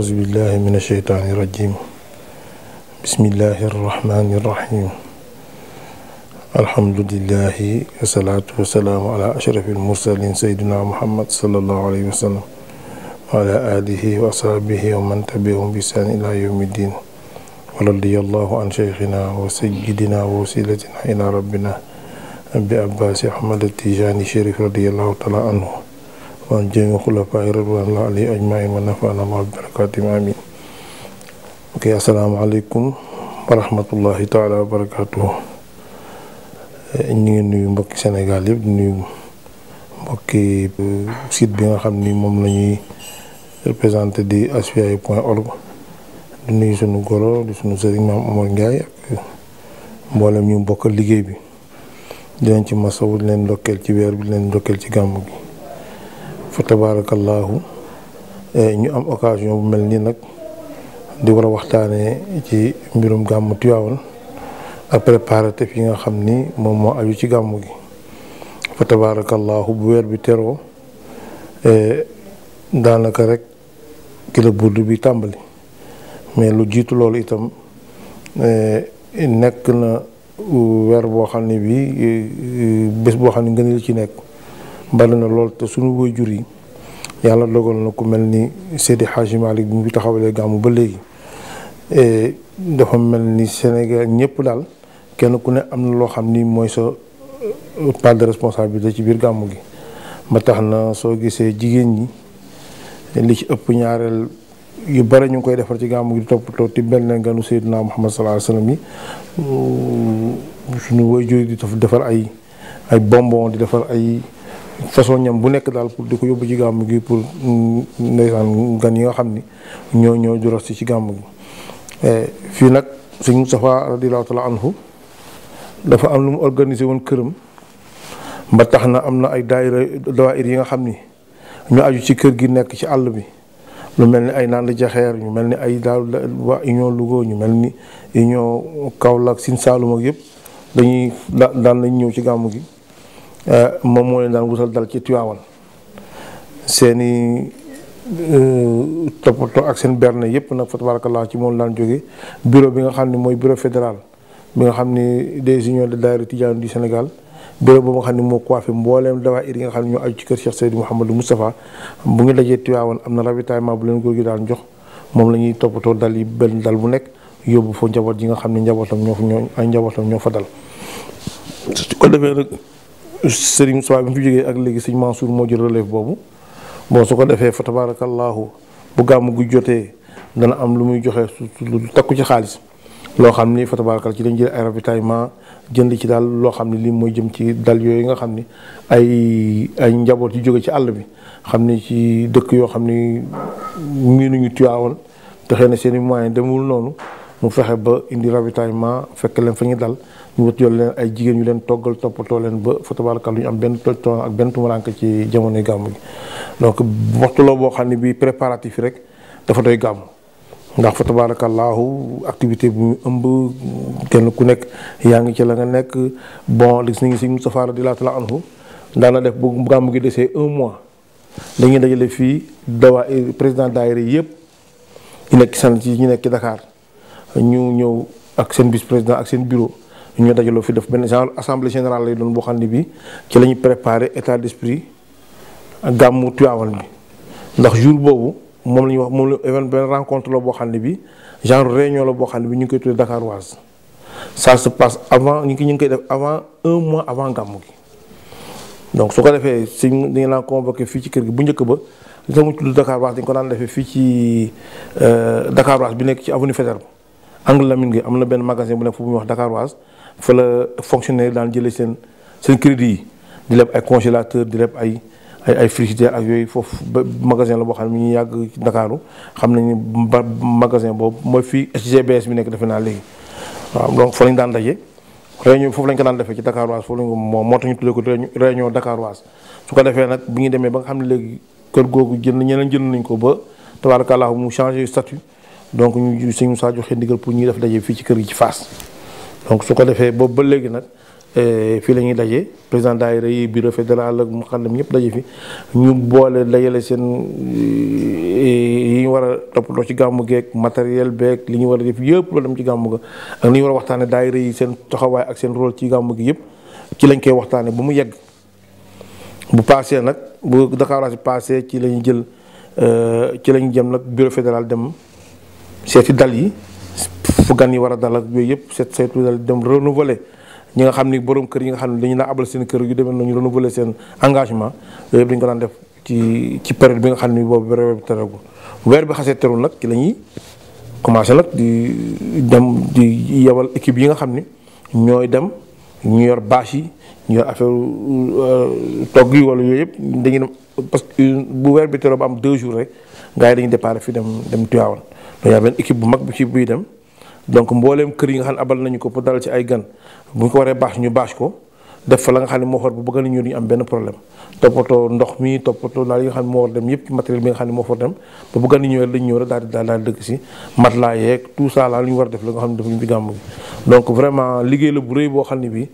أعوذ بالله من الشيطان الرجيم بسم الله الرحمن الرحيم الحمد لله والصلاة والسلام على أشرف المرسلين سيدنا محمد صلى الله عليه وسلم وعلى آله وأصحابه ومن تبعهم بإحسان إلى يوم الدين ورضي الله عن شيخنا وسيدنا ووسيلتنا إلى ربنا أبي عباس أحمد التيجاني الشريف رضي الله تعالى عنه waa jëmi xulafaa'i radiyallaahu alayhim ajma'iin wa nafaana Allaahu bi barakaatihim amiin ok asalaamaaleykum wa rahmatullaahi taala wa barakaatuh eh, ñu ngi nuyu mbokki Sénégal yëpp nuyu mbokki euh, site bi nga xam ni moom lañuy ñuy représenté di asfiyahi point org di nuyu sunu goro di sunu sëriñ maam Omar Ndiaye ak mboolem ñu bokk liggéey bi dinañ ci masawu leen ndokkeel ci weer bi leen ndokkeel ci gàmm gi. fa tabaarakallaahu eh, ñu am occasion bu mel nii nag di war a waxtaanee ci mbirum gàmmu Tiwaawan ak préparatifs yi nga xam ni moom moo aju ci gàmmu gi fa tabaarakallaahu bu weer bi teroo eh, daanaka rek ki la burdu bi tàmbali mais lu jiitu loolu itam eh, nekk na weer boo xam ne bi bés boo xam ne li ci nekk bari na lool te suñu jur yi yàlla dogal na ku mel ni Seydi Hadji Malick bi ñu taxawalee gàmmu ba léegi e, dafa mel ni Sénégal ñépp daal kenn ku ne am na loo xam ni mooy sa euh, part de responsabilité ci biir gàmmu gi ma tax na soo gisee jigéen ñi li ci ëpp ñaareel yu bari ñu ngi koy defar ci gàmmu gi di toppatoo ti benn nganu Seydina Muhammad sallallahu alayhi wasallam yi euh, suñu waajur di defar ay ay bonbon di defar ay façon ñam bu nekk daal pour di ko yóbbu ci gàmm gi pour mm, ndeysaan gan yi nga xam ni ñoo ñoo jural si ci gàmm gi eh, fii nag sëñ Moustapha radiyallahu taala anhu dafa am lu mu woon këram ba tax na am na ay daayira dawaayir yi nga xam ni ñu aju si kër gi nekk ci àll bi lu mel ni ay Nande Jaxeer ñu mel ni ay daal waa union Louga ñu mel ni union Kaolack Sine Saalum ak yëpp dañuy daan lañ ñëw ci gàmm gi Eh, moom moo leen daan wutal dal ci Tiwaawan seeni eh, toppatoo ak seen berne yëpp nag fa tabarakallah ci moom daan jóge bureau bi nga xam ne mooy bureau fédéral bi nga xam ni des unions de daayira tidiane du Sénégal bureau bu nga xam ne moo coiffé mbooleem dawaayir yi nga xam ne ñoo aju ci kër Cheikh Seydou Mouhamadou Moustapha bu ngi dajee Tiwaawan am na ravitaillement bu leen góor gi daan jox moom la ñuy toppatoo dal yi benn dal bu nekk yóbbu foo njaboot yi nga xam ne njabootam ñoo fa ñoo ñoo fa dal Serigne Moussa bi mu fi jógee ak léegi sëñ Mansour moo jël relève boobu boo su ko defee fa tabaarakallaahu bu gàmm gu jotee dana am lu muy joxe lu takku ci xaalis loo xam ni fa tabaarakallaahu ci dañ jël ay ravitaillement jënd ci daal loo xam ne lii mooy jëm ci dal yooyu nga xam ni ay ay njaboot yu jóge ci àll bi xam ni ci dëkk yoo xam ni miinuñu tuyaawoon te xëy na seen i moyens demul noonu mu fexe ba indi ravitaillement fekk leen fa ñu dal ñu wut yoon ay jigéen ñu leen toggal toppatoo leen ba fa tabaaraka lu ñu am benn toj ak benn tumuranke ci jamonoy gàmm gi donc waxtu la boo xam ne bii préparatif rek dafa doy gàmm ndax fa tabaarakallaahu activité bu ñu ëmb kenn ku nekk yaa ngi ci la nga nekk bon li si ngi si Moustapha radiyallaahu taala anhu daana def bu gàmm gi desee un mois dañuy dajale fii dawaa président daayira yëpp ñu nekk san ci ñu nekk Dakar ñu ñëw ak seen vice président ak seen bureau ñu nga dajaloo fi def benn genre assemblée générale lay doon boo xam ne bii ci la ñu préparé état d'esprit gàmmu Tiwaawan bi ndax jour boobu moom la ñuy wax moom la rencontre la boo xam ne bi genre réunion la boo xam ne bi ñu ngi koy tuddee Dakaroise ça se passe avant ñu ngi ñu ngi koy def avant un mois avant gàmmu gi donc su ko defee suñ dañu laa convoqué fii ci kër gi bu njëkk ba li tax mu tudd Dakaroise dañu ko daan defee fii ci euh, Dakaroise bi nekk ci avenue Faidherbe angle Lamine Gueye am na benn magasin bu nekk fu ñuy wax Dakaroise fa la fonctionnaire daan jëlee seen seen crédit yi di leb ay congélateur di leb ay ay ay frigidaire ak yooyu foofu ba magasin la boo xam ne ñu yàgg Ndakaaru xam nañu ba magasin boobu mooy fii SGBS bi nekk defe naa léegi waaw donc fa lañu daan daje réunion foofu lañ ko daan defee ci Dakaroise foofu lañ ko moo moo tax ñu tuddee ko réunion Dakaroise su ko defee nag bi ñu demee ba nga xam ne léegi kër googu jën ñeneen jënd nañ ko ba tabaarkalla mu changé statut donc ñu sëñ Moussa joxe ndigal pour ñuy def daje fii ci kër gi ci Fass donc su ko defee boobu ba léegi nag eh, fii la ñuy daje président daayira yi bureau fédéral ak muqaddam ñëpp daje fi ñu boole dajale seen eh, yi ñu war a toppatoo ci gàmmu geeg matériel beeg li ñu war a def yëpp loolu dem ci gàmmu ga ak li ñu war a waxtaane daay rëy seen taxawaay ak seen rôle ci gàmmu gi yëpp ci lañ koy waxtaane ba mu yegg bu paasee nag bu Dakar si paasee ci lañu jël eh, ci lañu jëm nag bureau fédéral dem seeti dal yi fu gan yi war a dalal yooyu yëpp seet seetlu dal dem renouveler ñi nga xam ni borom kër yi nga xam ne dañu laa abal seen kër yu demee noonu renouveler seen engagement yooyu yëpp dañu ko daan def ci ci période bi nga xam ni boobu weer bi terewul weer bi xasee terewul nag ci la ñuy commencé nag di dem di yebal équipe yi nga xam ni ñooy dem ñu yor bâche yi ñu yor affaire euh, togg yi wala yooyu yëpp dañuy dem parce que bu weer bi terewul ba am deux jours rek gars yi dañuy départ fi dem dem Tivaouane dañaa benn équipe bu mag bu ci buy dem donc mbooleem kër yi nga xam ne abal nañu ko pour dalal ci ay gan bu ñu ko waree bâche ñu bâche ko def fa la nga xam ne moo war bu bëgg nañu ñu am benn problème toppatoo ndox mi toppatoo daal yi nga moo war dem yëpp ci matériel bi nga xam ne moo war dem ba bëgg nañu ñëw rek dañu ñëw rek daal di dëkk si matelas yeeg tout ça la lu ñu war def la nga xam ne defuñu ci gàmmu gi donc vraiment la bu rëy boo xam ne bii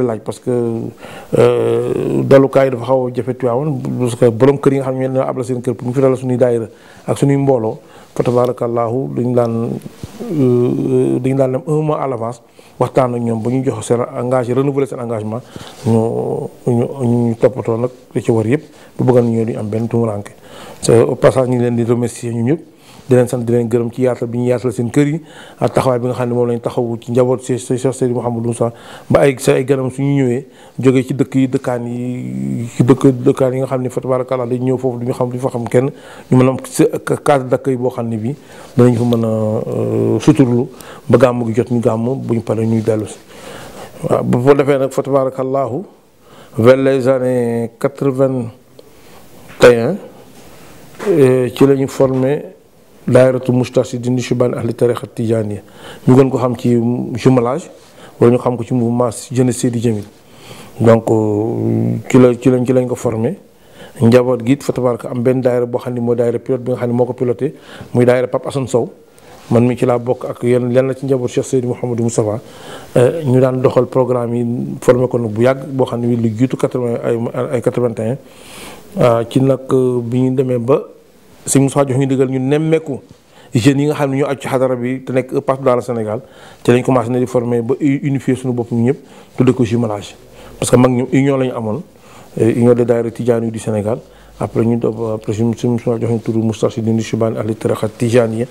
laaj parce que euh, dalukaay dafa xaw a jafe tuwaawoon parce que borom kër yi xam ne ñoo abal seen kër pour ñu fi dalal suñuy daayira ak suñuy mbooloo fa tabarakallahu duñ daan euh, duñ daan dem un mois à waxtaan ak ñoom ba ñu jox seen engagé renouveler seen engagement ñu ñu ñu toppatoo nag li ci war yëpp bu bëggoon ñëw duñ am benn tumuranke au passage ñu leen di remercier ñu ñëpp. di leen sant di leen gërëm ci yaatal bi ñu yaatal seen kër yi ak taxawaay bi nga xam ne moom lañ taxawu ci njaboot si si Cheikh Seydi Mouhamadou Moussa ba ay sa ay ganam suñu ñëwee jógee ci dëkk yi dëkkaan yi ci dëkk dëkkaan yi nga xam ne fa tabarakallah dañ ñëw foofu duñu xam duñu fa xam kenn ñu mën a am cadre d'accueil boo xam ne bii danañ fa mën a euh, suturlu ba gàmm gi jot ñu gàmm buñu pare ñuy dellu si waaw bu ko defee nag fa tabarakallahu vers les années quatre-vingt-un euh, ci la ñu formé daairatu mustachidin shubaan ahli tariqa tijaaniya ñu gën ko xam ci jumelage wala ñu xam ko ci mouvement jeunesse Seydi Djamil donc ci la ci lañ ci lañ ko formé njaboot gi it fa am benn daayira boo xam ne mooy daayira pilote bi nga xam ne moo ko piloté muy daayira Pape Assane Sow man mi ci laa bokk ak yenn lenn la ci njaboot Cheikh Seydi Mouhamadou Moustapha ñu daan doxal programme yi formé bu yàgg boo xam ne lu jiitu 80 ay ay 81 ah, ci nag euh, bi ñu demee ba. sëñ Moussa jox ñu digal ñu nemmeeku jeunes yi nga xam ne ñoo aju ci xadara bi te nekk partout dans le Sénégal te dañ commencé na di former ba unifier suñu bopp ñu ñëpp tudde ko jumelage parce que mag ñoom union la ñu amoon euh, union des daayira tijaan yi du Sénégal après ñu doon après suñu suñu jox ñu turu Moustarchidine Choubane ahli tariqa tijaaniya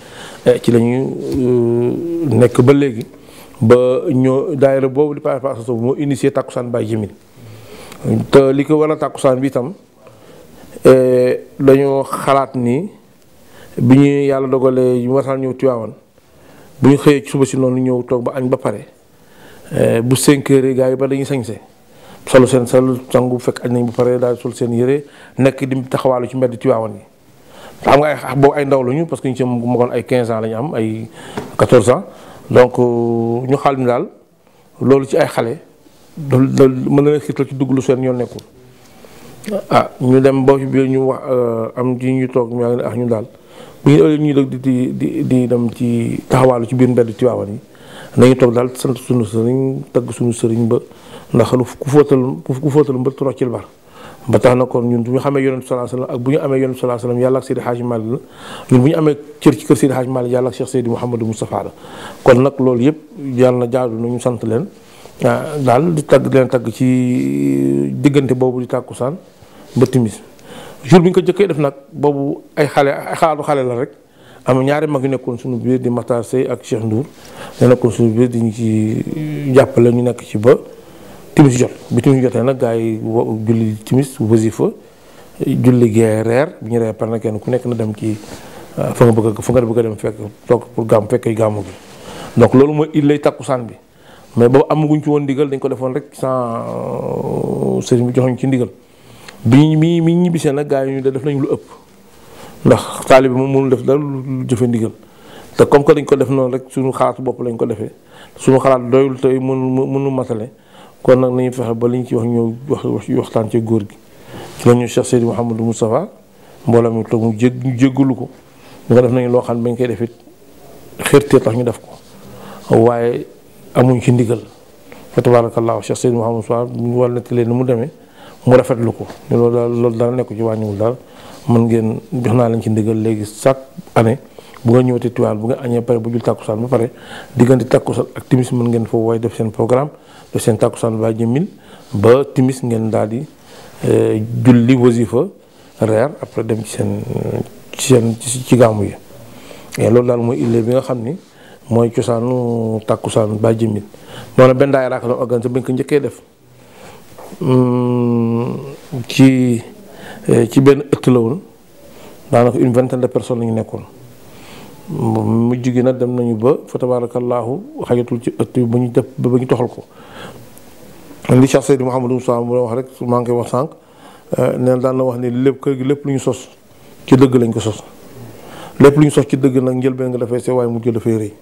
euh, ci la ñu euh, nekk ba léegi ba ñoo daayira boobu di par rapport moo initié Takkusaan Baye Jamil te li ko war a Takkusaan bi itam. Eh, dañoo xalaat nii bi ñu yàlla dogalee ñu wasal ñëw Tiwaawan bu ñu xëyee suba si noonu ñëw toog ba añ ba pare eh, bu 5 heures gars yi ba dañuy sañse solo seen sol bu fekk añ nañ bu pare daal sol seen yére nekk di taxawaalu ci mbedd Tiwaawan yi xam nga ay boobu ay ndaw lañu parce que ñu ci magoon ay 15 ans la ñu am ay 14 ans donc euh, ñu xal ni daal loolu ci ay xale mën na leen xiirtal ci dugg lu seen yoon nekkul ah ñu dem boo ci biir ñu wax euh, am ci ñu toog ñu ne ñu daal bu ñu ëllëgee ñu di di di dem ci taxawaalu ci biir mbedd Tiwaawan yi nañu toog daal sant suñu sëriñ tagg suñu sëriñ ba ndax lu ku fóotal ku fóotal mbër troccil bar ba tax na kon ñun bu ñu xamee yonent salaa salaam ak bu ñu amee yonent salaa salaam yàlla ak Seydi Hadji Malick la ñun bu ñu amee cër ci kër Seydi Hadji Malick yàlla ak Cheikh Seydi Mouhamadou Moustapha la kon nag loolu yëpp yàlla na lu nañu sant leen ah, daal di tagg leen tagg ci diggante boobu di tàkkusaan ba timis jour bi ñu ko jëkkee def nag boobu ay xale xaalu xale la rek am ñaari mag nekkoon suñu biir di Matar Sey ak Cheikh Ndour ñu nekkoon suñu ci jàppale ñu nekk ci ba timis jot bi timis jotee nag gars yi julli timis wasifa julli gee reer bi ñu reer par na kenn ku nekk na dem ci euh, fa nga bëgg fa nga bëgg a dem fekk toog pour gàmm fekkee gàmmu gi donc loolu mooy illay takkusaan bi mais boobu amaguñ ci woon ndigal dañ ko defoon rek san euh, sëriñ bi joxuñ ci ndigal bi mi mi ñibbisee nag gaa yi ñu def nañ lu ëpp ndax taalibe moom mënul def dara lu jëfe ndigal te comme que dañ ko def noonu rek suñu xalaatu bopp lañ ko defee suñu xalaat doyul tey mënu mënu matale kon nag nañu fexe ba liñ ci wax ñëw wax waxtaan ci góor gi ci la ñu Cheikh Seydi Mouhamadou Moustapha mbooloo mi toog mu jég ñu jéggalu ko nga def nañ loo xam ne bañ koy def it xërtee tax ñu def ko waaye amuñ ci ndigal fa tabaarakallaahu Cheikh Seydi Mouhamadou Moustapha mu war na leen ni mu demee mu rafetlu ko loolu daal loolu daal nekku ci wàññiwul daal mën ngeen jox naa leen ci ndigal léegi chaque année bu nga ñëwati Tiwaawan bu nga añee pare bu jul tàkkusaan ba pare diggante tàkkusaan ak timis mën ngeen foofu waaye def seen programme def seen tàkkusaan ba jëmil ba timis ngeen daal di eh, julli wasifa reer après dem ci seen ci seen ci gàmmu yi et loolu daal mooy illee bi nga xam ni mooy cosaanu tàkkusaan ba jëmil noonu benn daay raaka doon organisé ba ñu ko njëkkee def Euh, ci euh, ci benn ëtt la woon daanaka une de personnes la ñu nekkoon mujj gi nag dem nañu ba fa tabaarakallaahu xajatul ci ëtt bi ba ñu def ba ba ñu toxal ko li Cheikh Seydou Mouhamadou bu mu wax rek maa ngi koy wax sànq euh, neen daan la wax ni lépp kër gi lépp lu ñu sos ci dëgg lañ ko sos lépp lu ñu sos ci dëgg nag njëlbeen nga dafay see waaye mujj dafay rëy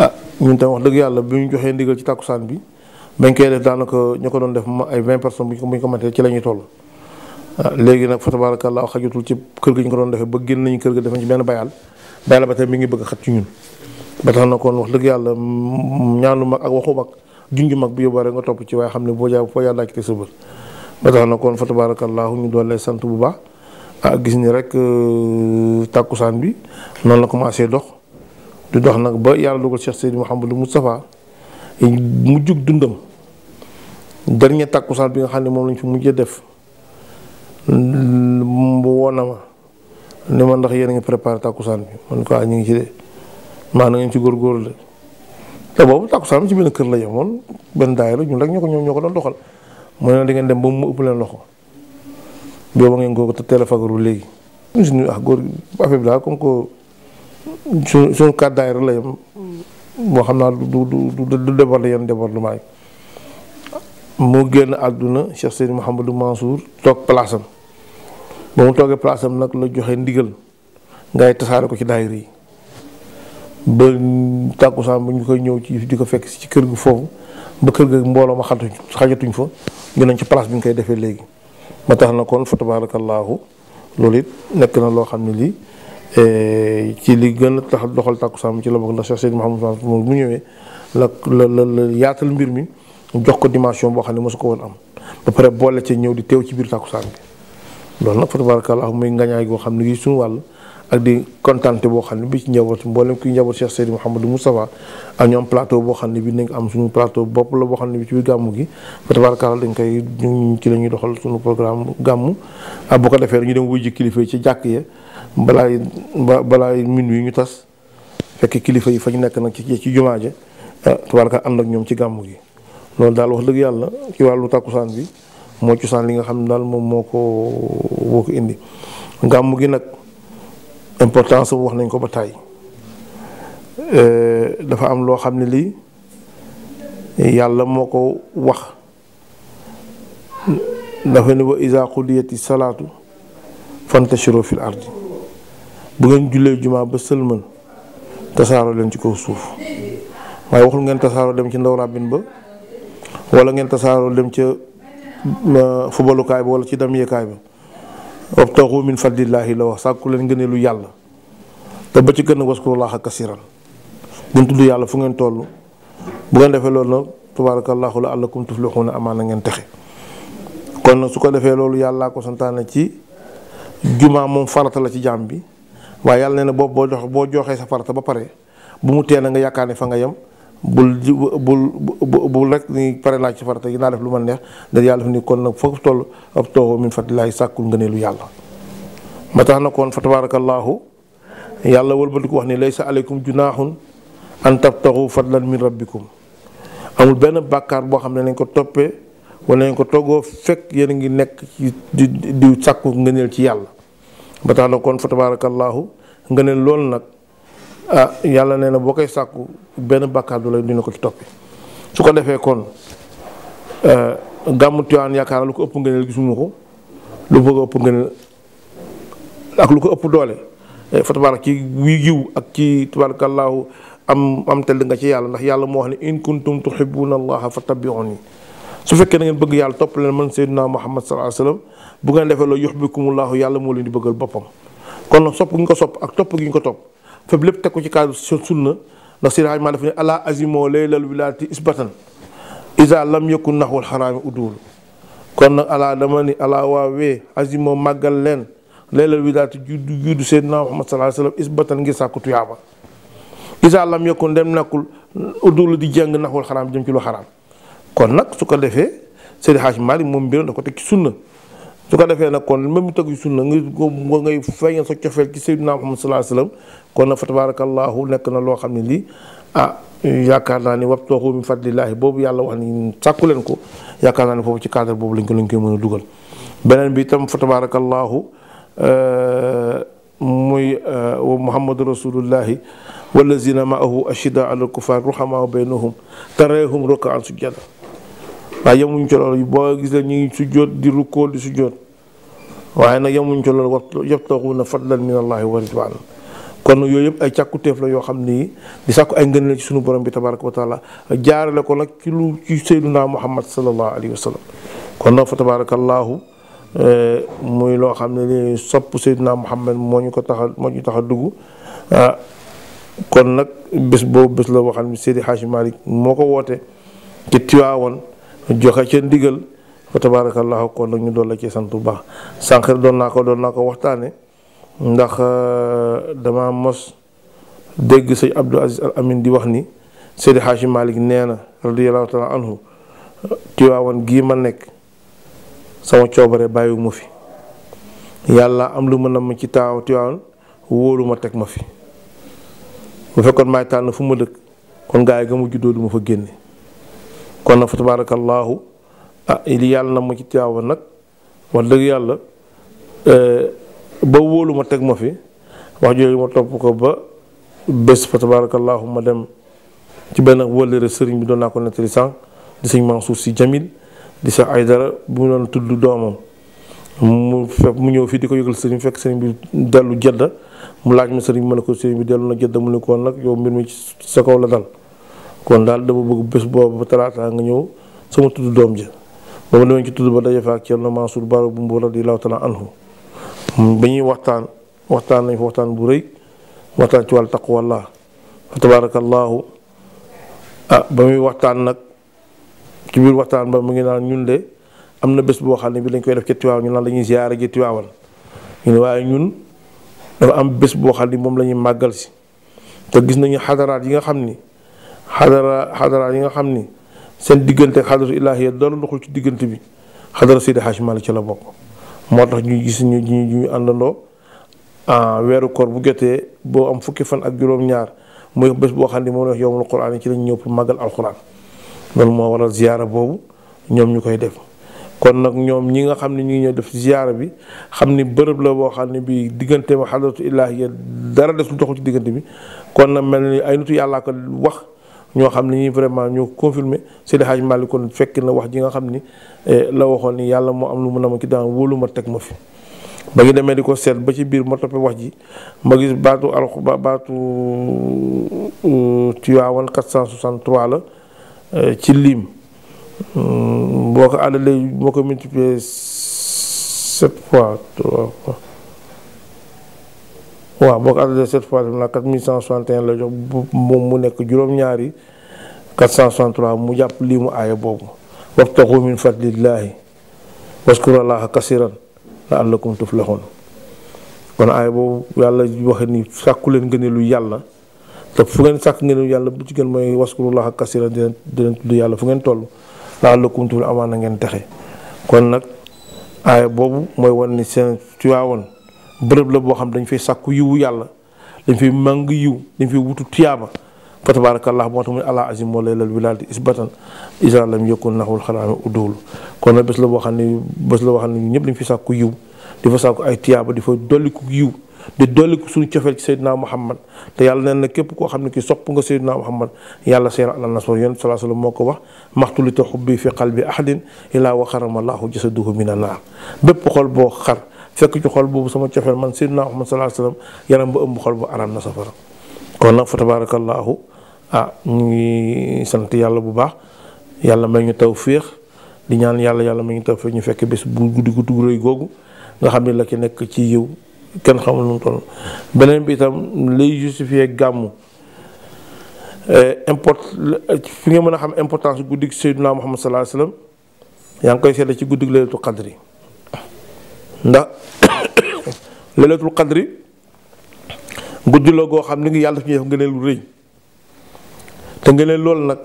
ah ñun tam wax dëgg yàlla bi ñu joxee ndigal ci tàkkusaan bi bañ koy def daanaka ñu ko doon def ay vingt personnes buñ ko buñ ko matee ci la ñuy toll. Ah, léegi nag fa tabaarakallaa xajutul ci kër gi ñu ko doon defee ba génn nañu kër gi defee ci benn bayal bayal ba mi ngi bëgg xat ci ñun. ba tax na koon wax dëgg yàlla mm, mm, ñaanu mag ak waxu mag junj mag bi yóbbaale nga topp ci waaye xam ne boo jaa boo yàlla laajte sa bët ba tax na kon fa tabaarakallaa ñu doon lay sant bu baax. ah gis nii rek euh, tàkkusaan bi noonu la commencé dox du dox nag ba yàlla dugal Cheikh Seydi Mouhamadou Moustapha mu mujjug dundam dernier tàkkusaan bi nga xam ne moom lañ fi mujjee def mu woon na ma ne ndax yéen a ngi préparé tàkkusaan bi man ko ah, ñu ngi ci de maa na ngeen ci góor de te boobu tàkkusaan bi ci benn kër la yemoon benn daay la ñun rek ñoo ko ñoo ko doon doxal mu ne di ngeen dem ba mu ëpp leen loxo booba ngeen ko te teel a fagaru léegi. suñu ah góor affaire bi daal comme que suñu suñu kàddaay rek la yem. moo xam naa du du du du débordé yenn débordement yi mu génn àdduna Cheikh xam Mouhamadou du toog place am ba mu toogee place am nag la joxe ndigal ngay tasaare ko ci daayira yi ba tàkkusaan bu ñu koy ñëw ci di ko fekk ci kër gi foofu ba kër ga mbooloo ma xatuñ xajatuñ fa ñu nañ ci place bi ñu koy defee léegi ma tax na kon fa tabaarakallaahu loolu it nekk na loo xam ne lii Eh, ci li gën a tax doxal tàkkusaan ci la bokk ndax mu Seydou Mouhamadou Fall bu ñëwee la la la yaatal mbir mi mu jox ko dimension boo xam ne mosu ko woon am ba pare boole ca ñëw di teew ci biir tàkkusaan bi loolu nag fa tabaarakallah muy ngañaay goo xam ne gi suñu wàll ak di kontante boo xam ne bi ci njaboot mboolem kuy njaboot Cheikh Seydi Mouhamadou Moustapha ak ñoom plateau boo xam ne bi nañ am suñu plateau bopp la boo xam ne bi ci biir gàmmu gi fa tabarkaala dañ koy ñu ci la ñuy doxal suñu programme gàmmu ak bu ko defee ñu dem wujji kilifa yi ci jàkk ya balaay balaay min wi ñu tas fekk kilifa yi fa ñu nekk nag ci ci jumaa ja ah, tabarkaala ànd ak ñoom ci gàmmu gi loolu daal wax dëgg yàlla ci wàllu takkusaan bi moo cosaan li nga xam ne daal moom moo ko moo ko indi gàmmu gi nag importance bu wax nañ ko ba tàyyi euh, dafa am loo xam ne lii yàlla moo ko wax dafa ne wa iza qudiyati salaatu fantashiru fil ardi bu ngeen jullee jumaa ba sëlmal tasaaroo leen ci ko suuf waaye waxul ngeen tasaaroo dem ci ndaw ràbbin ba wala ngeen tasaaroo dem ca fubalukaay ba wala ci damyeekaay ba wabtaxu min fadlillaahi la wax sàkku leen ngëneelu yàlla te ba ci gën a ak kasiran ngeen tudd yàlla fu ngeen toll bu ngeen defee loolu nag tabaarakallaahu la allakum amaan amaana ngeen texe kon nag su ko defee loolu yàllaa ko santaane ci jumaa moom farata la ci jaam bi waaye yàlla nee na boobu boo jox boo joxee sa farata ba pare bu mu tee a nga yaakaar ne fa nga yem bul bul bul rek ni pare laaj ci farata yi naa def lu ma neex da yàlla fi ni kon nag foofu toll ab tooxoo min fadlillaahi sàkkul ngëneelu yàlla ba tax na kon fa tabaarakallaahu yàlla wëlbati ko wax ni laysa aleykum junaaxun an tabtaxu fadlan min benn bàkkaar boo xam ne nañ ko toppee wala nañ ko toggoo fekk yéen a ngi nekk ci di di ci yàlla ba tax na kon fa loolu nag ah, yàlla nee na boo koy sàkku benn bàkkaar du la dina ko ci toppi su ko defee kon euh, gàmmu Tiwaawan yaakaar lu ko ëpp ngëneel gisuma ko lu bëgg ëpp ngëneel ak lu ko ëpp doole eh, fa tabarak ci yiw ak ci tabarakallahu am am tedd nga ci yàlla ndax yàlla moo wax ne in kuntum tuhibbuna allaha fattabi'uni su fekkee na ngeen bëgg yàlla topp leen man sayyidina muhammad sallallahu alayhi wasallam bu ngeen defee loolu yuhbikumullaahu yàlla moo leen di bëggal boppam kon nag sopp gi ñu ko sopp ak topp gi ko topp fépp ndax Seydi Hajji Maalik dafa ne alaa azimoo laylal wilaati isbatan isa lam yëkku naxul xaraami udduwul kon nag alaa dama ni alaa waawee azimoo màggal leen laylal wilaati juddu juddu Seydina Muhammad sallallahu alayhi isbatan ngir sàkku tuyaaba isa lam yëkku dem nekkul udduwul di jàng naxul xaraam jëm ci lu xaraam kon nag su ko defee Seydi Hajji Maalik moom mbiram da ko teg ci sunna su ko defee nag kon même tëgg yu sunna nga ngay feeñal sa cofeel ci Seydina Muhammad sallallahu alayhi wasallam kon na fa tabarakallahu nekk na loo xam ne lii ah yaakaar naa ni wabtaghu min fadlillaahi boobu yàlla wax ni sàkku leen ko yaakaar naa ni foofu ci cadre boobu lañ ko lañ koy mën a dugal beneen bi itam fa tabarakallahu euh, muy euh, wa muhammadu rasulullahi wallazina maahu ashiddaa ala kufaar ruhamaa baynahum tarayhum rukaan sujjada waaye yemuñ ci loolu boo gisee ñu ngi sujjóot di rukkoo di sujjóot waaye nag yemuñ ci loolu waxtu yabtaxuuna fadlan min allahi wa ridwan kon yooyu yëpp ay càkkutéef la yoo xam ni di sàkku ay ngëneel ci sunu borom bi tabaraka wa taala jaarale ko nag ci lu ci sayyiduna muhammad sallallahu alayhi wa sallam kon nag fa tabarakallahu eh, muy loo xam ne li sopp sayyiduna muhammad moo ñu ko tax moo ñu tax a dugg ah, kon nag bés boobu bés la boo xam ne Seydi moo ko woote ci Tiwaawoon joxe ca ndigal fa tabaarakallaahu kon ñu doon la ci sant bu baax sànq doon naa ko doon naa ko waxtaane ndax euh, dama mos dégg sëñ Abdou Aziz Al Amin di wax ni Seydi Haaji Malick nee na radiyallaahu taala anhu Tiwaawan gii ma nekk sama coobare bàyyiwuma fi yàlla am lu mën a ma ci taaw Tiwaawan wóolu teg ma fi bu fekkoon maay tànn fu ma dëkk kon gaa yi ga mu juddoo du ma fa génne kon nag fa tabaarakallaahu ah li yàlla na mu ci Tiwaawan nag wax dëgg yàlla eh, ba wóolu ma teg ma fi wax jooju ma topp ko ba bés fa tabaarakallaahu ma dem ci benn wëllëre sëriñ bi doon naa ko nettali sànq di sëñ Mansour si Jamil di sax ay dara bu mu doon tudd doomam mu fekk mu ñëw fii di ko yëgal sëriñ fekk sëriñ bi dellu jëdda mu laaj ma sëriñ bi ma ne ko sëriñ bi dellu na jëdda mu ne ko nag yow mbir mi sa kaw la dal kon daal dama bëgg bés boobu ba talaata nga ñëw sama tudd doom ji ba ma demee ci tudd ba daje fa ak Thierno Mansour Bara bu Mbour radiyallahu taala anhu mm, ba ñuy waxtaan waxtaan nañ waxtaan bu rëy waxtaan ci wàllu taqwallah fa tabarakallahu ah ba muy waxtaan nag ci biir waxtaan ba mu ngi naan ñun de am na bés boo xam ne bi dañ koy def ca Tiwaawan ñu naan la ñuy ziyaare ji Tiwaawan ñu ne waaye ñun dafa am bés boo xam ne moom lañuy màggal si te gis nañu xadaraat yi nga xam ni xadara xadara yi nga xam ni seen diggante xadaratu ilaahiya dara doxul ci diggante bi xadara Seydi Hadj Malick ci la bokk moo tax ñu gis ñu ñu àndandoo ah, weeru koor bu jotee boo am fukki fan ak juróom-ñaar muy boo xam ne moom la wax yowmul quraan yi ci lañ ñëw pour màggal alquran loolu moo waral ziyaara boobu ñoom ñu koy def kon nag ñoom ñi nga xam ne ñu ngi ñëw def ziyaara bi xam ni bërëb la boo xam ne bi diggante ma xadaratu ilaahiya dara des lu doxul ci diggante bi kon nag mel ni ay nitu yàllaa ko wax ñoo xam ne ñi vraiment ñu confirmé Seydi Hadj Malick kon fekk na wax ji nga xam ni eh, la waxoon ni yàlla moo am lu mën a ma ki daan wóolu ma teg ma fi ba ngi demee di ko seet ba ci biir ma toppee wax ji ma gis baatu alxu baatu euh, Tiwaawan 463 la euh, ci liim hmm, boo ko àndalee boo ko multiplier 7 fois 3 fois waaw boo ko adressé cette fois dem na 4161 la jox moom mu nekk juróom-ñaari mu jàpp lii mu aaya boobu wabtaxu min fadlillaahi waskuru allaaha kasiran laallakum tuflaxun kon aaya boobu yàlla waxe ni sàkku leen lu yàlla te fu ngeen sàkk ngëneelu yàlla bu ci gën mooy waskuru ak kasiran dina dina tudd yàlla fu ngeen toll laallakum tuflaxun amaan na ngeen texe kon nag aaya boobu mooy wan ni seen ci waawoon bërëb la boo xam dañ fay sàkku yiwu yàlla dañ fay màng yiw dañ fay wutu tiyaaba fa tabarakallah moo tax mu ne àla azim moo laylal wilaal di isbatan isa lam yëkkun naxul xalaami udduwul kon nag bés la boo xam ne bés la boo xam ne ñëpp dañ fi sàkku yiw di fa sàkku ay tiyaaba di fa dolliku yiw di dolliku suñu cofeel ci Seydina Muhammad te yàlla neen na képp koo xam ne ki sopp nga Seydina Muhammad yàlla seera àla nasr yon salaa sallam moo ko wax maxtulita xubbi fi qalbi ahadin ilaa wa xaramallahu jasaduhu mina naar bépp xol boo xar fekk ci xol boobu sama cofeel man sayyidina Muhammad sallallahu alayhi wasallam yaram ba ëmb xol ba araam na safara kon nag fa tabaarakallaahu ah ñu ngi sant yàlla bu baax yàlla may ñu tawfiix di ñaan yàlla yàlla may ñu tawfiix ñu fekk bis bu guddi guddi gu rëy googu nga xam ne la ki nekk ci yiw kenn xamul nu mu toll beneen bi itam li justifier gàmmu eh, import fi nga mën a xam importance guddi gi Seydina Muhammad sallallahu alayhi wasallam yaa ngi koy seede ci guddi gi laylatul ndax lëleetul xadri guddi la goo xam ni ngi yàlla daf ñu def ngëneel lu rëy te ngëneel loolu nag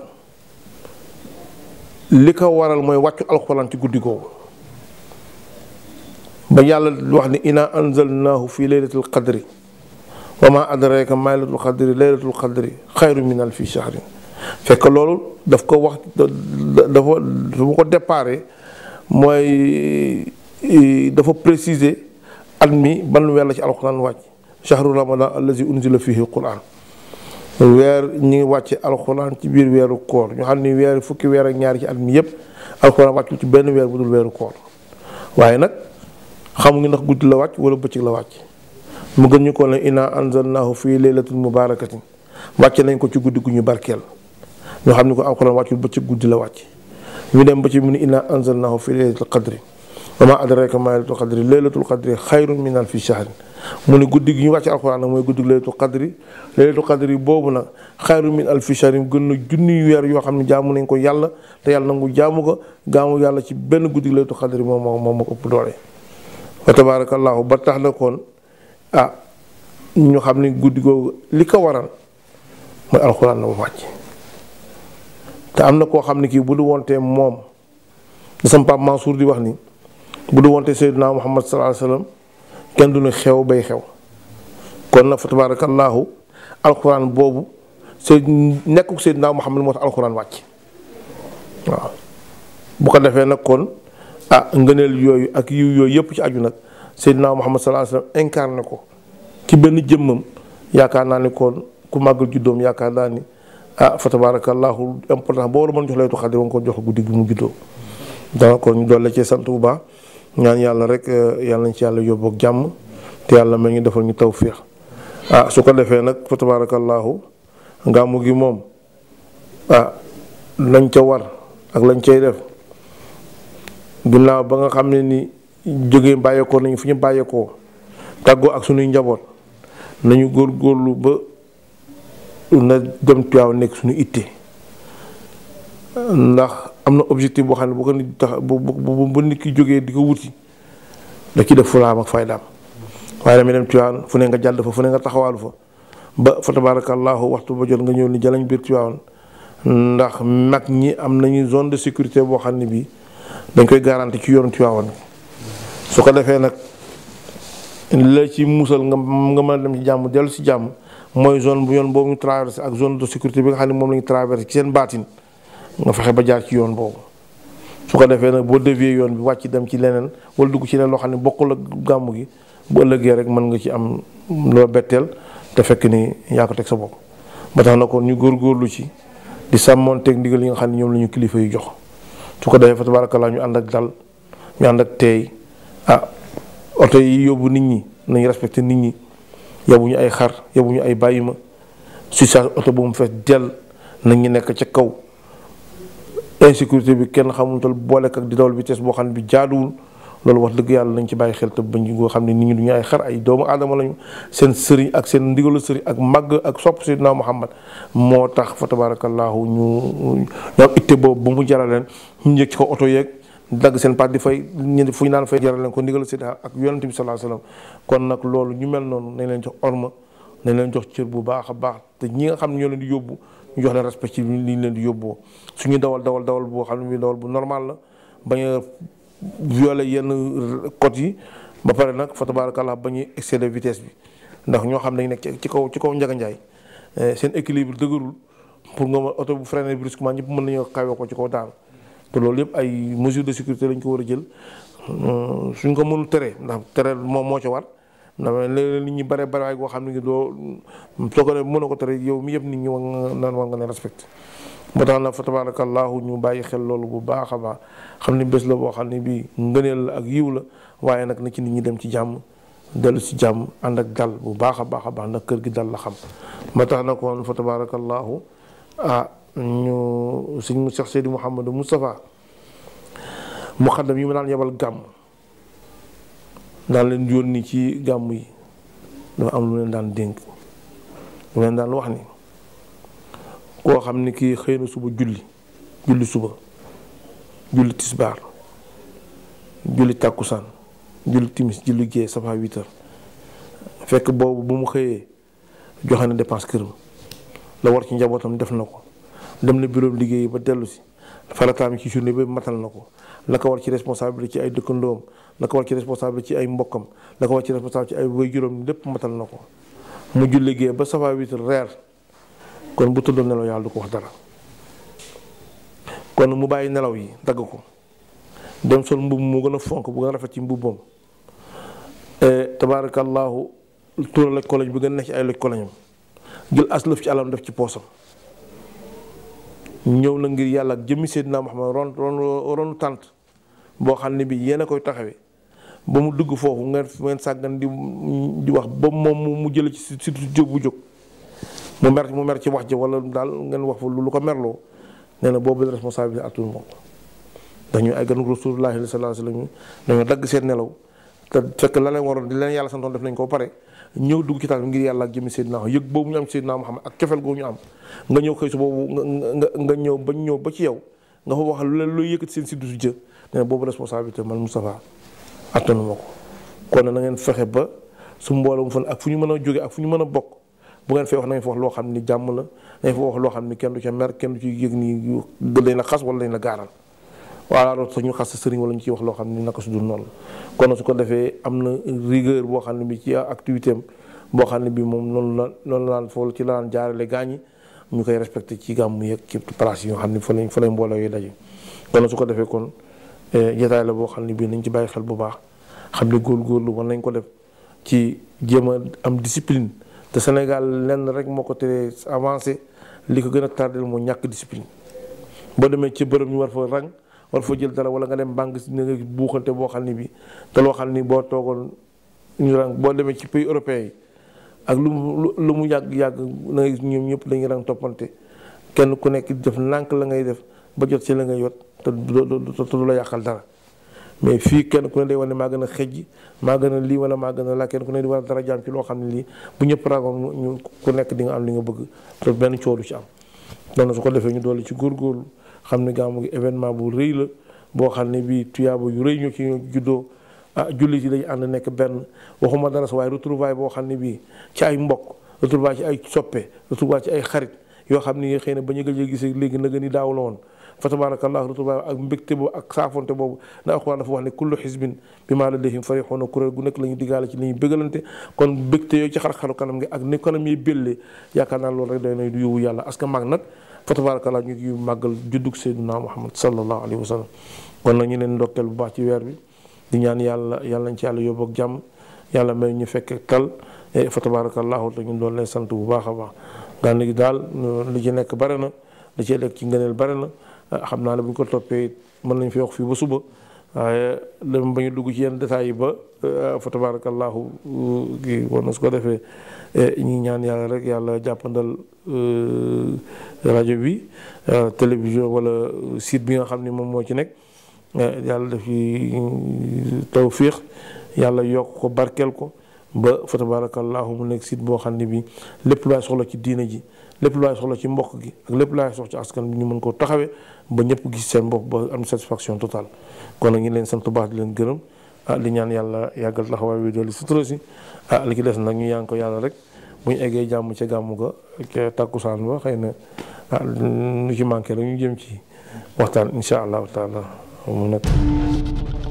li ko waral mooy wàccu alxuraan ci guddi googu ba yàlla wax ni inaa anzalnaahu fi laylatil qadri wa ma adraka ma laylatul qadri laylatul qadri xayru min alfi shahrin fekk loolu daf ko wax dafa su ma ko déparé mooy dafa préciser at mi ban weer la ci alxuraan wàcc shahru ramadan allazi unzila fii quran weer ñi ngi wàcce alxuraan ci biir weeru koor ñu xam ni weer fukki weer ak ñaari ci at mi yëpp alxuraan wàccul ci benn weer bu dul weeru koor waaye nag xamu ngi ndax guddi la wàcc wala bëccëg la wàcc mu gën ñu ko ne inna anzalnaahu fii laylatin mubarakatin wàcce nañ ko ci guddi gu ñu barkeel ñoo xam ni ko alxuraan wàccul bëccëg guddi la wàcc ñu dem ba ci mu ni inna anzalnaahu fii laylatil qadri wa maa adraaka maa laylatul qadri laylatul qadri xayrun min alfi shahr mu ne guddi ñu wàcc alxuraan nag mooy guddi laylatul qadri laylatul qadri boobu nag xayrun min alfi shahr na junniy weer yoo xam ne jaamu nañ ko yàlla te yàlla nangu jaamu ko jaamu yàlla ci benn guddi laylatul qadri moom moo moom moo ko ba tax na kon ah, xam ne guddi googu li ko waral mooy alxuraan la mu wàcc te am na koo xam ne kii bu du wontee moom da sama di wax ni. bu du wonte Seydina Muhammad sallallahu alayhi wa sallam kenn du ñu xew bay xew kon na fa tabaarakallaahu alxuraan boobu Seyd nekkuk Seydina Muhammad moo tax alxuraan wàcc waaw bu ko defee nag kon ah yooyu ak yiw yooyu yëpp ci aju nag Seydina Muhammad sallallahu alayhi wa sallam incarné benn jëmmam yaakaar naa ni kon ku màggal juddoom yaakaar naa ni ah fa tabaarakallaahu important boo war a mën jox laytu xaddi ba nga ko jox guddi gi mu juddoo danga kon ñu doole sant bu ñaan yàlla rek euh, yàlla nañ ci yàlla yóbbu ak jàmm te yàlla ma ñu defal ñu tawfiix ah su ko defee nag fa tabaarakallaahu gàmmu gi moom ah lañ ca war ak lañ cay def ginnaaw ba nga xam ne ni jóge bàyyeekoo nañu fi ñu bàyyeekoo tàggoo ak suñuy njaboot nañu góorgóorlu ba na dem Tiwaawan nekk suñu itte ndax am na objectif boo xam ne bu ko nit tax bu bu bu nit ki jógee di ko wuti da ciy def fulaam ak faydaam waaye damay dem Tiwaawan fu ne nga jàll fa fu ne nga taxawaalu fa ba fa tabaarakallaahu waxtu ba jot nga ñëw ni jalañ biir Tiwaawan ndax mag ñi am nañu zone de sécurité boo xam ne bii dañ koy garanti ci yoonu Tiwaawan su ko defee nag la ci musal nga nga mën a dem ci jàmm dellu si jàmm mooy zone bu yoon boobu ñu traversé ak zone de sécurité bi nga xam ne moom la ñu traversé ci nga fexe ba jaar ci yoon boobu su ko defee nag boo dévier yoon bi wàcc dem ci leneen wala dugg ci leneen loo xam ne bokkul ak gàmmu gi bu ëllëgee rek mën nga ci am loo betteel te fekk ni yaa ko teg sa bopp. ba tax na kon ñu góorgóorlu ci di sàmmoon teg ndigal yi nga xam ne ñoom la ñu kilifa yu jox su ko defee fa tabaarakallaa ñu ànd ak dal ñu ànd ak teey ah oto yi yóbbu nit ñi nañu respecté nit ñi yabuñu ay xar yabuñu ay bàyyima su sa oto bu mu fees dell nañ ñu nekk ca kaw. insécurité bi kenn xamutal boole ak di dawal vitesse boo xam ne bi jaaduwul loolu wax dëgg yàlla nañ ci bàyyi xel te bañ nga xam ne nit ñi du ñu ay xar ay doomu adama lañu seen sëriñ ak seen ndigalu sëriñ ak màgg ak sopp Seydina Muhammad moo tax fa tabaarakallaahu ñu ñu am itte boobu bu mu jaral leen ñu yëg ci ko oto yeeg dagg seen paat di fay ñu fu ñu naan fay jaral leen ko ndigalu Seydina ak yonent bi sallallahu alayhi wasallam kon nag loolu ñu mel noonu nañ leen jox orma nañ leen jox cër bu baax a baax te ñi nga xam ne di yóbbu ñu jox leen respect ci li leen di yóbboo suñu dawal dawal dawal boo xam ne bi dawal bu normal la bañ a violer yenn code yi ba pare nag baal tabarakallah ba ñu de vitesse bi ndax ñoo xam ne dañ nekk ci kaw ci kaw njaganjaay eh, seen équilibre dëgërul pour nga ma oto bu freiner brusquement ñëpp mën nañoo kawee ko ci kaw daal te loolu yépp ay mesures de sécurité lañ ko war a jël suñ ko mënul tere ndax tere moom moo ci war damay léeg-léeg nit ñi bare bare waaye goo xam ne doo soo ko ne mënoo ko tere yow mi yëpp nit ñi war nga naan war nga ne respecté ba tax na fa tabaarakallaahu ñu bàyyi xel loolu bu baax a baax xam ne bés la boo xam ne bii ngëneel la ak yiw la waaye nag na ci nit ñi dem ci jàmm dellu si jàmm ànd ak dal bu baax a baax a baax ndax kër gi dal la xam ba tax na kon fa tabaarakallaahu ah ñu sëñ mu Cheikh Seydi Mouhamadou Moustapha muqaddam yi ma daan yebal gàmm daan leen yónni ci gàmm yi dafa am lu leen daan dénk lu leen daan wax ni koo xam ni kii xëy na suba julli julli suba julli tisbaar julli tàkkusaan julli timis julli gee safa huit fekk boobu bu mu xëyee joxe na dépense këram la war ci njabootam def na ko dem na bureau liggéey ba dellu si farataam ci journée ba matal na ko la war ci responsabilité ci ay dëkkandoom la war ci responsabilité ci ay mbokkam la ko war ci responsabilité ci ay waajuram lépp matal na ko mu julli gee ba safa wiital reer kon bu tëddoon nelaw yàlla du ko wax dara kon mu bàyyi nelaw yi dagg ko dem sol mbubb moo gën a fonk bu gën a rafet ci mbubbam e, tabaarakallaahu tuura loj ko lañ bu gën a nekk ci ay loj ko lañam jël aslëf ci alam def ci poosam ñëw na ngir yàlla ak jëmmi Seydina Muhammad ron ron ronu tànt boo xam ne bi yéen a koy taxawee ba mu dugg foofu ngeen ngeen sàggan di di wax ba moom mu jël ci si jóg bu jóg mu mer mu mer ci wax ja wala daal ngeen wax fa lu ko merloo nee na boobu la responsabilité à tout le monde dañuy ay ganu Rasulullah sallallahu alayhi wa sallam dagg seet nelaw te fekk la leen waroon di leen yàlla santoon def nañ koo pare ñëw dugg ci taal ngir yàlla ak jëmi Seydina yëg boobu ñu am Seydina Muhammad ak cofeel am nga ñëw xëy su boobu nga nga ñëw ba ñëw ba ci yow nga fa wax lu looy yëkkati seen siddu su jë ne boobu responsabilité man Moustapha attanu ma ko kon na ngeen fexe ba su mbooloo fan ak fu ñu mën a jóge fu ñu mën a bokk bu ngeen fay wax na loo xam ni jàmm la na ngeen fa wax loo xam ni kenn du ca mer kenn du ci yëg nii dañ la xas wala dañ la gaaral voilà loolu sax ñu xas sëriñ wala ñu ciy wax loo xam ni naka su dul noonu kon su ko defee am na rigueur boo xam ne bi ci activité am boo xam ne bi moom noonu la noonu laan foofu ci laan jaarale gaañi ñu koy respecté ci gàmmu yeeg ci place yi xam ne fa lañ fa lañ mbooloo yooyu daje kon su ko defee kon eh, jotaay la boo xam ne bii nañ ci bàyyi xel bu baax xam ne lu war nañ ko def ci jéem a am discipline te Sénégal lenn rek moo ko teree avancé li ko gën a tardel moo ñàkk discipline boo demee ci bërëb ñu war fa rang war foo jël dara wala nga dem banque si ne nga buuxante boo xam ne bi te loo xam ni boo toogoon ñu rang boo demee ci pays européen yi ak lu mu lu mu yàgg yàgg na ngay ñëpp dañuy rang toppante kenn ku nekk def nànk la ngay def ba jot si la ngay yot te du la yàqal dara mais fii kenn ku ne day wane maa gën a xëj maa gën lii wala maa gën a ku ne di dara jaam ci loo xam ne lii bu ñëpp ragoon ñu ku nekk di nga am li nga bëgg te benn coow du ci am. noonu su ko defee ñu dolli ci góor góorgóorlu. xam ne gàmmu gi événement bu rëy la boo xam ne bii tuyaaba yu rëy ñu ci juddoo ah jullit yi dañu ànd nekk benn waxuma dara sa waaye retrouvaille boo xam ne bii ci ay mbokk retrouvaille ci ay soppe retrouvaille ci ay xarit yoo xam ne xëy na ba ñu gëj a gisee léegi na ni daaw la woon fa tabarakallah retrouvaille ak mbégte boobu ak saafonte boobu na alquran dafa wax ne kullu xisbin bi maa ladayhim farixoona kuréel gu nekk la ñu diggaale ci li ñuy bégalante kon mbégte yooyu kanam ak ni kanam yi béllee yaakaar naa loolu rek yàlla parce que nag fa tabarakallah ñu ngi màggal juddug Seydina Muhammad sallallahu alayhi wa sallam kon nag ñu leen ndokkeel bu baax ci weer bi di ñaan yàlla yàlla nañ ci yàlla yóbbu ak jàmm yàlla may ñu fekk tal e fa tabarakallahu te ñu doon leen sant bu baax a baax gànn gi daal li ci nekk bare na li ci lekk ci ngëneel bare na xam naa ne bu ñu ko toppee mën nañ fi wax fii ba suba waaye dama bañ a dugg ci yenn détails yi ba euh, fa tabarakallahu gi woon su ko defee eh, ñi ñaan yàlla rek yàlla jàppandal euh, rajo bi euh, télévision wala site bi nga xam ni moom moo ci nekk eh, yàlla def ci tawfiix yàlla yokk ko barkeel ko ba fa tabarakallahu mu nekk siit boo xam ne bi lépp laa soxla ci diina ji lépp laay soxla ci mbokk gi ak lépp laay sox ci askan bi ñu mën koo taxawee ba ñëpp gis seen bopp ba am satisfaction totale kon nag ñu leen santu baax di leen gërëm ah li ñaan yàlla yàggal taxawaay bi si sutura si ah li ci des nag ñu yaa ko yàlla rek bu ñu eggee jàmm ca gàmmu ga ca tàkkusaan ba xëy na ah lu ci manqué la ñu jëm ci waxtaan incha allahu taala mu nekk